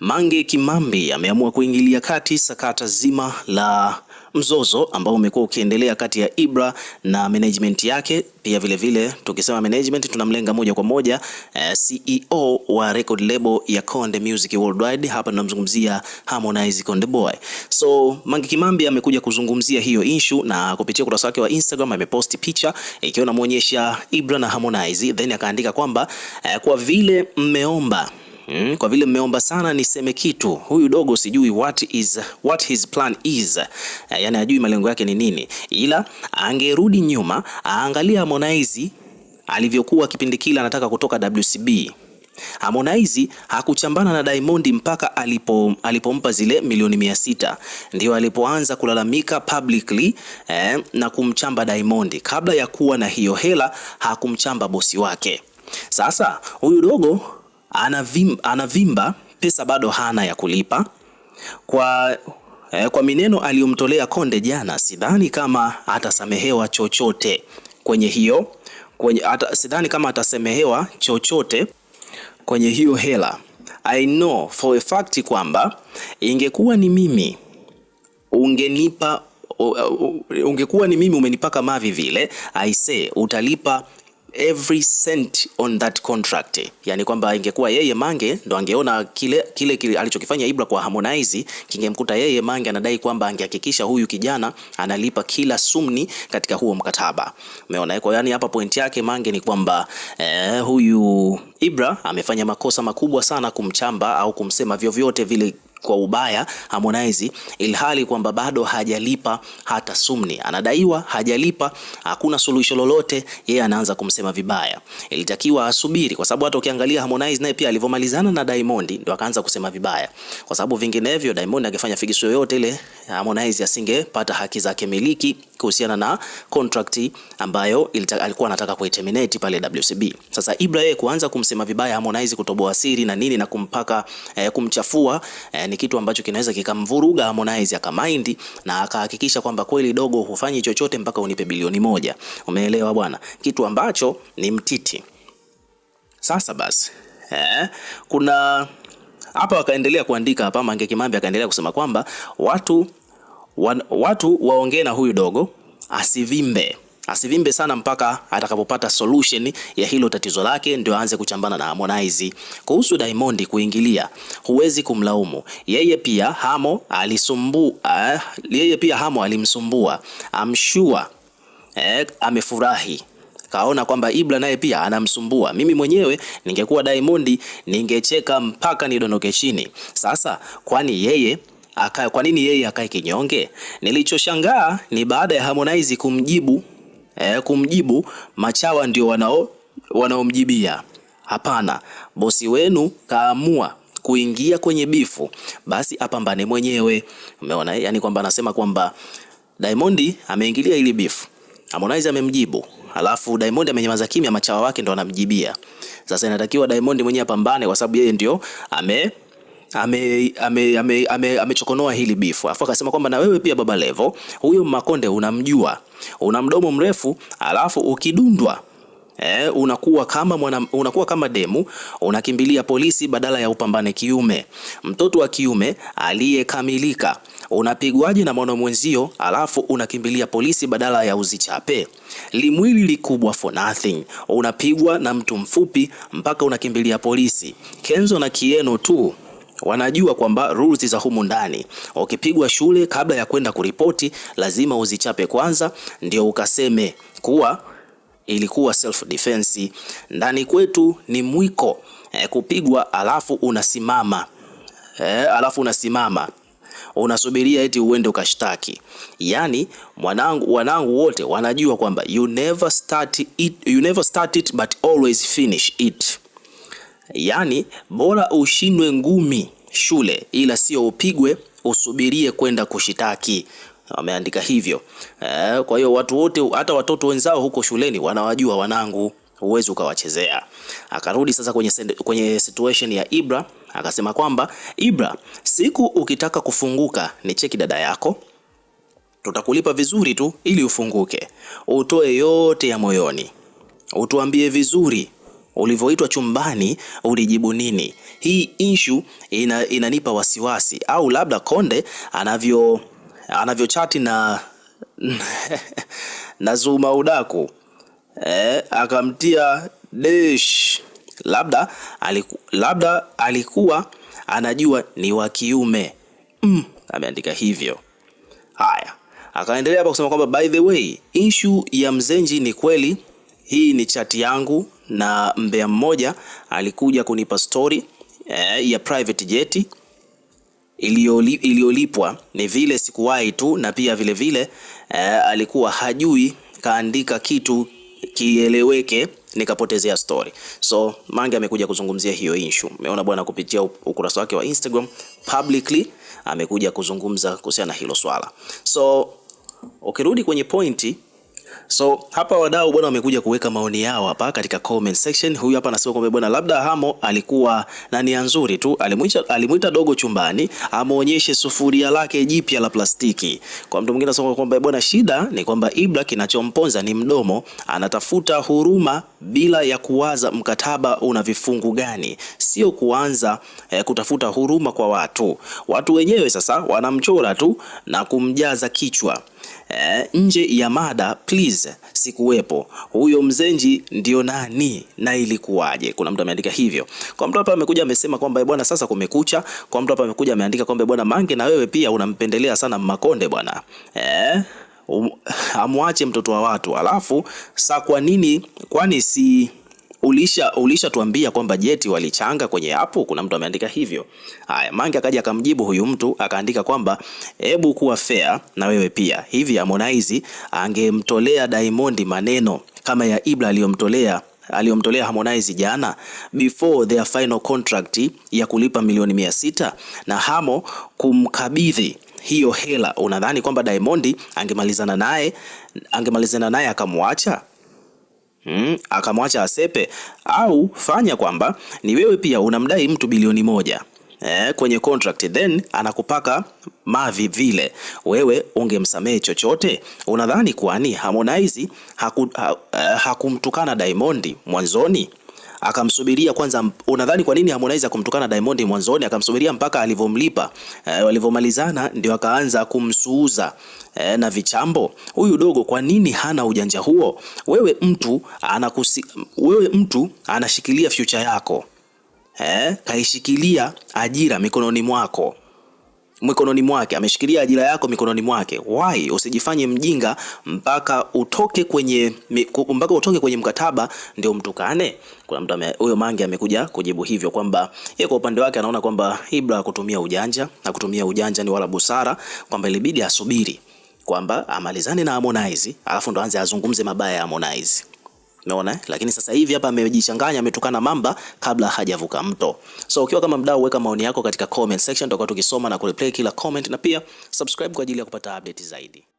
Mange Kimambi ameamua kuingilia kati sakata zima la mzozo ambao umekuwa ukiendelea kati ya Ibra na management yake. Pia vile vile tukisema management tunamlenga moja kwa moja eh, CEO wa record label ya Konde Music Worldwide. Hapa tunamzungumzia Harmonize Konde Boy. So Mange Kimambi amekuja kuzungumzia hiyo issue na kupitia ukurasa wake wa Instagram amepost picha ikiwa eh, inamuonyesha Ibra na Harmonize, then akaandika kwamba eh, kwa vile mmeomba Mm, kwa vile mmeomba sana niseme kitu. Huyu dogo sijui what is, what his plan is. Eh, yani ajui malengo yake ni nini, ila angerudi nyuma aangalia Harmonize alivyokuwa kipindi kile anataka kutoka WCB. Harmonize hakuchambana na Diamond mpaka alipo, alipompa zile milioni mia sita ndio alipoanza kulalamika publicly eh, na kumchamba Diamond. Kabla ya kuwa na hiyo hela hakumchamba bosi wake. Sasa huyu dogo anavimba, anavimba pesa bado hana ya kulipa kwa eh, kwa mineno aliyomtolea Konde jana, sidhani kama atasamehewa chochote kwenye hiyo kwenye, ata, sidhani kama atasamehewa chochote kwenye hiyo hela. I know for a fact kwamba ingekuwa ni mimi ungenipa, ungekuwa ni mimi umenipaka mavi vile, I say utalipa every cent on that contract, yani kwamba ingekuwa yeye Mange ndo angeona kile, kile, kile alichokifanya Ibra kwa Harmonize kingemkuta yeye Mange anadai kwamba angehakikisha huyu kijana analipa kila sumni katika huo mkataba. Umeona eh? kwa yani, hapa point yake Mange ni kwamba eh, huyu Ibra amefanya makosa makubwa sana kumchamba au kumsema vyovyote vile kwa ubaya Harmonize, ilhali kwamba bado hajalipa hata sumni, anadaiwa hajalipa, hakuna suluhisho lolote, yeye anaanza kumsema vibaya. Ilitakiwa asubiri, kwa sababu hata ukiangalia Harmonize naye pia alivyomalizana na Diamond ndio akaanza kusema vibaya, kwa sababu vinginevyo Diamond angefanya figisu yoyote ile, Harmonize asingepata haki zake miliki kuhusiana na contract ambayo ilita, alikuwa anataka kuiterminate pale WCB. Sasa Ibra yeye kuanza kumsema vibaya Harmonize, kutoboa siri na nini na kumpaka eh, kumchafua eh, ni kitu ambacho kinaweza kikamvuruga Harmonize akamaindi na akahakikisha kwamba kweli dogo, hufanyi chochote mpaka unipe bilioni moja. Umeelewa bwana, kitu ambacho ni mtiti. Sasa basi eh, kuna hapa wakaendelea kuandika hapa, Mange Kimambi akaendelea kusema kwamba watu, wan, watu waongee na huyu dogo asivimbe asivimbe sana mpaka atakapopata solution ya hilo tatizo lake, ndio aanze kuchambana na Harmonize. Kuhusu Diamond kuingilia, huwezi kumlaumu yeye, pia hamo alisumbua, eh, yeye pia hamo alimsumbua. I'm sure eh, amefurahi kaona kwamba Ibra naye pia anamsumbua. Mimi mwenyewe ningekuwa Diamond ningecheka mpaka nidondoke chini. Sasa kwani yeye kwa nini yeye akae kinyonge? Nilichoshangaa ni baada ya Harmonize kumjibu eh, kumjibu machawa ndio wanao wanaomjibia. Hapana, bosi wenu kaamua kuingia kwenye bifu, basi apambane mwenyewe. Umeona, eh? yani kwamba anasema kwamba Diamond ameingilia ili bifu, Harmonize amemjibu, alafu Diamond amenyamaza kimya, machawa wake ndo anamjibia. Sasa inatakiwa Diamond mwenyewe apambane, kwa sababu yeye ndio ame amechokonoa ame, ame, ame hili bifu, alafu akasema kwamba na wewe pia Baba Levo, huyo Makonde unamjua, una mdomo mrefu, alafu ukidundwa Eh, unakuwa kama mwana, unakuwa kama demu unakimbilia polisi badala ya upambane kiume. Mtoto wa kiume aliyekamilika unapigwaje na mwana mwenzio, alafu unakimbilia polisi badala ya uzichape? Limwili likubwa for nothing, unapigwa na mtu mfupi mpaka unakimbilia polisi. Kenzo na Kieno tu wanajua kwamba rules za humu ndani. Ukipigwa shule, kabla ya kwenda kuripoti, lazima uzichape kwanza, ndio ukaseme kuwa ilikuwa self defense. Ndani kwetu ni mwiko e, kupigwa alafu unasimama e, alafu unasimama unasubiria eti uende ukashtaki. Yani mwanangu, wanangu wote wanajua kwamba you never start it, you never start it but always finish it yaani bora ushindwe ngumi shule, ila sio upigwe usubirie kwenda kushitaki. Wameandika hivyo e. Kwa hiyo watu wote, hata watoto wenzao huko shuleni wanawajua wanangu, huwezi ukawachezea. Akarudi sasa kwenye, kwenye situation ya Ibra akasema kwamba Ibra, siku ukitaka kufunguka ni cheki dada yako, tutakulipa vizuri tu ili ufunguke, utoe yote ya moyoni, utuambie vizuri ulivyoitwa chumbani ulijibu nini? Hii issue ina, inanipa wasiwasi, au labda Konde anavyo anavyochati na na Zuma udaku eh, akamtia dish labda aliku, labda alikuwa anajua ni wa kiume mm, ameandika hivyo. Haya, akaendelea hapa kusema kwamba by the way issue ya Mzenji ni kweli, hii ni chati yangu na mbea mmoja alikuja kunipa story eh, ya private jet iliyolipwa. Ni vile sikuwahi tu, na pia vile vile eh, alikuwa hajui, kaandika kitu kieleweke nikapotezea story. So Mange amekuja kuzungumzia hiyo issue. Umeona bwana, kupitia ukurasa wake wa Instagram publicly amekuja kuzungumza kuhusiana na hilo swala. So ukirudi kwenye pointi So hapa wadau bwana wamekuja kuweka maoni yao hapa katika comment section. Huyu hapa anasema kwamba bwana, labda Hamo alikuwa na nia nzuri tu, alimwita alimuita dogo chumbani amuonyeshe sufuria lake jipya la plastiki. Kwa mtu mwingine anasema kwamba bwana, shida ni kwamba Ibra kinachomponza ni mdomo, anatafuta huruma bila ya kuwaza mkataba una vifungu gani, sio kuanza eh, kutafuta huruma kwa watu. Watu wenyewe sasa wanamchora tu na kumjaza kichwa eh, nje ya mada please, sikuwepo. Huyo Mzenji ndio nani na ilikuwaje? Kuna mtu ameandika hivyo. Kwa mtu hapa amekuja amesema kwamba bwana, sasa kumekucha. Kwa mtu hapa amekuja ameandika kwamba bwana Mange, na wewe pia unampendelea sana Mmakonde bwana eh? Um, amwache mtoto wa watu alafu sa kwa nini kwani si ulisha ulishatuambia kwamba Jeti walichanga kwenye apu Kuna mtu ameandika hivyo. Haya, Mange akaja akamjibu huyu mtu akaandika kwamba hebu kuwa fair na wewe pia. Hivi Harmonize angemtolea Diamond maneno kama ya Ibra aliyomtolea aliyomtolea Harmonize jana before their final contract ya kulipa milioni mia sita na Hamo kumkabidhi hiyo hela, unadhani kwamba Diamond angemalizana naye angemalizana naye akamwacha? Hmm, akamwacha asepe au fanya kwamba ni wewe pia unamdai mtu bilioni moja eh, kwenye contract then anakupaka mavi vile, wewe ungemsamehe chochote? Unadhani kwani Harmonize haku, ha, eh, hakumtukana Diamond mwanzoni? akamsubiria kwanza. Unadhani kwa nini Harmonize kumtukana Diamond mwanzoni? Akamsubiria mpaka alivomlipa e, eh, walivomalizana ndio akaanza kumsuuza e, na vichambo. Huyu dogo kwa nini hana ujanja huo? Wewe mtu anakusi, wewe mtu anashikilia future yako eh, kaishikilia ajira mikononi mwako mikononi mwake, ameshikilia ajira yako mikononi mwake. Why usijifanye mjinga mpaka utoke kwenye mpaka utoke kwenye mkataba ndio mtukane? Kuna mtu huyo Mange amekuja kujibu hivyo kwamba yeye kwa upande wake anaona kwamba Ibra kutumia ujanja, kutumia ujanja ni wala busara, kwamba ilibidi asubiri kwamba amalizane na Harmonize alafu ndo anze azungumze mabaya ya Harmonize. Umeona? Lakini sasa hivi hapa amejichanganya, ametukana mamba kabla hajavuka mto. So ukiwa kama mdau, weka maoni yako katika comment section, tutakuwa tukisoma na kureply kila comment, na pia subscribe kwa ajili ya kupata update zaidi.